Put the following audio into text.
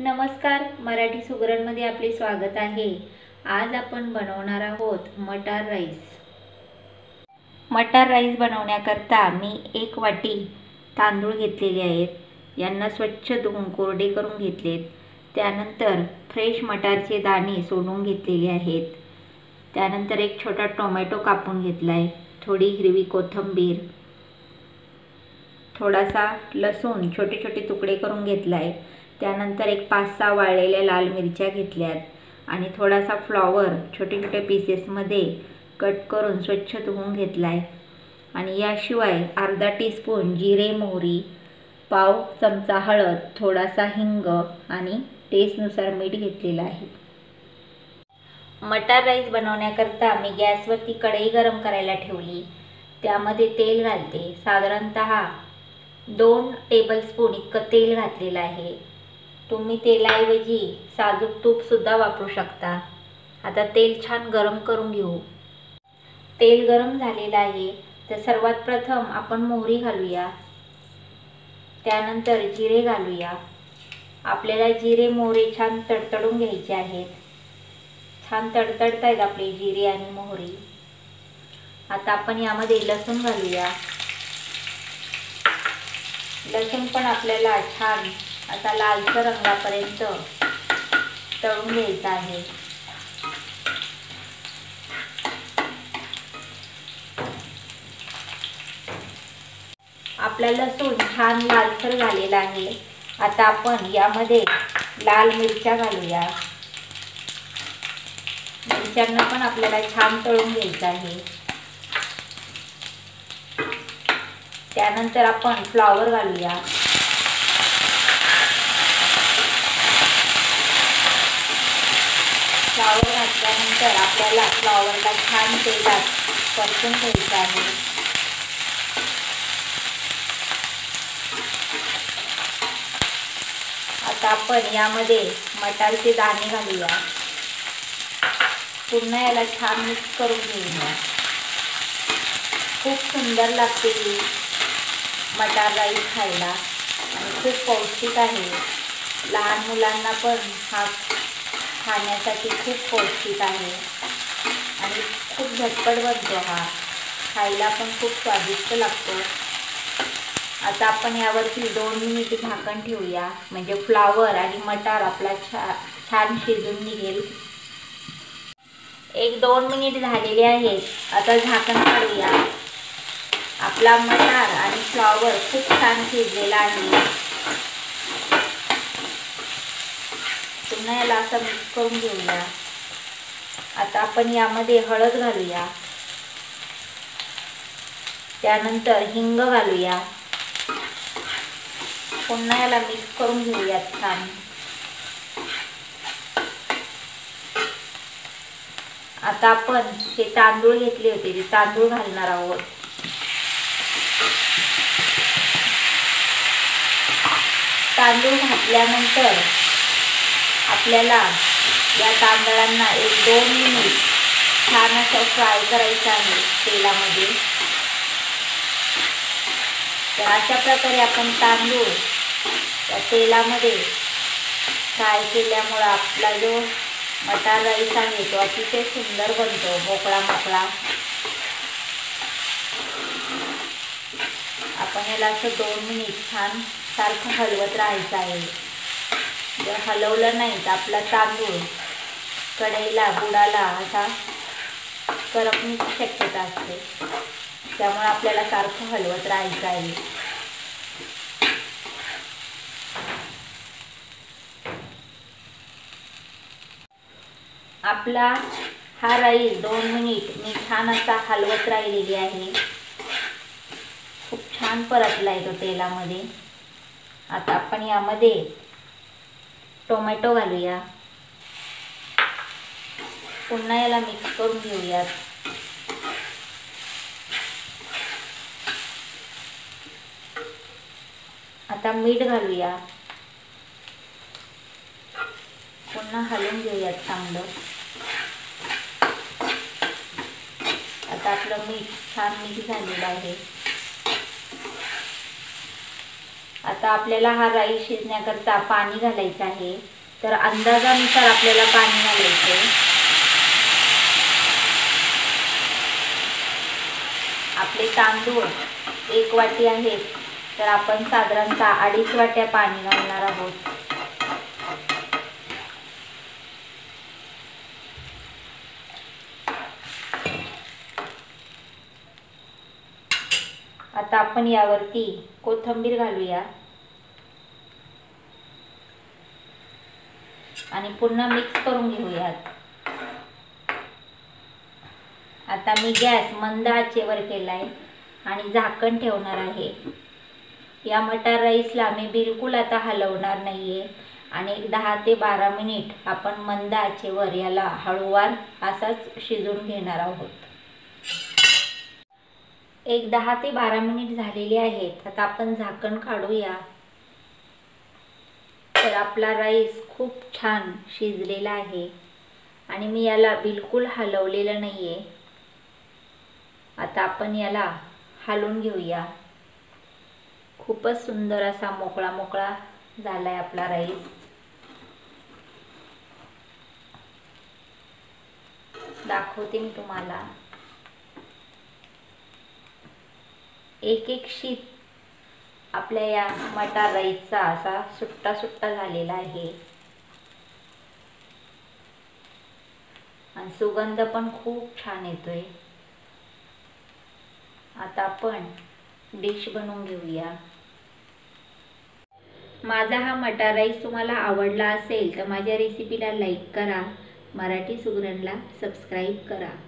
नमस्कार मराठी सुगरणमध्ये आपले स्वागत आहे आज आपण बनवणार आहोत मटार राईस मटार राईस बनवण्याकरता मी एक वाटी तांदूळ घेतलेले आहेत यांना स्वच्छ धुवून कोरडे करून घेतलेत त्यानंतर फ्रेश मटारचे दाणे सोडून घेतलेले आहेत त्यानंतर एक छोटा टोमॅटो कापून घेतला आहे थोडी हिरवी कोथिंबीर थोडासा लसूण छोटे छोटे तुकडे करून घेतला आहे त्यानंतर एक पाच सहा वाळलेल्या लाल मिरच्या घेतल्यात आणि थोडासा फ्लॉवर छोटे छोटे पीसेसमध्ये कट करून स्वच्छ धुवून घेतला आहे आणि याशिवाय अर्धा टीस्पून जिरे मोहरी पाव चमचा हळद थोडासा हिंग आणि टेस्टनुसार मीठ घेतलेलं आहे मटार राईस बनवण्याकरता मी गॅसवरती कढई गरम करायला ठेवली त्यामध्ये तेल घालते साधारणत दोन टेबलस्पून इतकं तेल घातलेलं आहे तुम्ही तेलाऐवजी साजूक तूपसुद्धा वापरू शकता आता तेल छान गरम करून घेऊ तेल गरम झालेलं आहे तर सर्वात प्रथम आपण मोहरी घालूया त्यानंतर जिरे घालूया आपल्याला जिरे मोहरे छान तडतडून घ्यायचे आहेत छान तडतडत आहेत आपले जिरे आणि मोहरी आता आपण यामध्ये लसूण घालूया लसूण पण आपल्याला छान आता लालसर रंगापर्यंत तळून घ्यायचं आहे आपला लसूण छान लालसर झालेला आहे आता आपण यामध्ये लाल मिरच्या घालूया मिरच्यांना पण आपल्याला छान तळून घ्यायचं आहे त्यानंतर आपण फ्लॉवर घालूया फ्लॉवर घातल्यानंतर आपल्याला फ्लॉवरला छान तेलात परतून घ्यायचं आहे आता आपण यामध्ये मटारचे दाणे घालूया पुन्हा याला छान मिक्स करून घेऊया खूप सुंदर लागते ही मटार राईस खायला आणि खूप पौष्टिक आहे लहान मुलांना पण हा खाण्यासाठी खूप पौष्टिक आहे आणि खूप झटपट बनतो हा खायला पण खूप स्वादिष्ट लागतो आता आपण यावरती दोन मिनिट झाकण ठेवूया म्हणजे फ्लावर आणि मटार आपला छा छान शिजून निघेल एक दोन मिनिट झालेले आहे आता झाकण काढूया आपला मटार आणि फ्लावर खूप छान शिजलेला आहे पुन्हा याला असा मिक्स करून घेऊया आता आपण यामध्ये हळद घालूया त्यानंतर हिंग घालूया पुन्हा याला मिक्स करून घेऊया छान आता आपण हे तांदूळ घेतले होते ते तांदूळ घालणार आहोत तांदूळ घातल्यानंतर आपल्याला या तांदळांना एक दोन मिनिट छान असं फ्राय करायचं आहे तेलामध्ये तर अशा प्रकारे आपण तांदूळ त्या तेलामध्ये फ्राय केल्यामुळं आपला जो मटार राईस आहे तो अतिशय सुंदर बनतो मोकळा मोकळा आपण याला असं दोन मिनिट छान सारखं हलवत राहायचं आहे जर म्हणजे हलवलं नाही तर आपला तांदूळ कढईला बुडाला असा करपण्याची शक्यता असते त्यामुळे आपल्याला सारखं हलवत राहायचं आहे आपला हा राईस दोन मिनिट मी छान असा हलवत राहिलेली आहे खूप छान परतला येतो तो तेलामध्ये आता आपण यामध्ये टोमॅटो घालूया पुन्हा याला मिक्स करून घेऊयात आता मीठ घालूया पुन्हा हलवून घेऊयात चांगलं आता आपलं मीठ छान मीठ झालेलं आहे आता आपल्याला हा राईस शिजण्याकरता पाणी घालायचं आहे तर अंदाजानुसार आपल्याला पाणी घालायचं आपले तांदूळ एक वाटी आहेत तर आपण साधारणतः अडीच वाट्या पाणी घालणार आहोत आता आपण यावरती कोथंबीर घालूया आणि पुन्हा मिक्स करून घेऊयात आता मी गॅस मंद आचेवर केला आहे आणि झाकण ठेवणार आहे या मटार राईसला मी बिलकुल आता हलवणार नाही आणि एक दहा ते बारा मिनिट आपण मंद आचेवर याला हळूवार असाच शिजून घेणार आहोत एक दहा ते बारा मिनिट झालेली आहेत आता आपण झाकण काढूया आपला राईस खूप छान शिजलेला आहे आणि मी याला बिलकुल हलवलेलं नाही आता आपण याला हलवून घेऊया खूपच सुंदर असा मोकळा मोकळा झाला आहे आपला राईस दाखवते मी तुम्हाला एक एक शीत आपल्या या मटार राईसचा असा सुट्टा सुट्टा झालेला आहे आणि सुगंध पण खूप छान येतोय आता आपण डिश बनवून घेऊया माझा हा मटार राईस तुम्हाला आवडला असेल तर माझ्या रेसिपीला लाईक करा मराठी सुगरणला सबस्क्राईब करा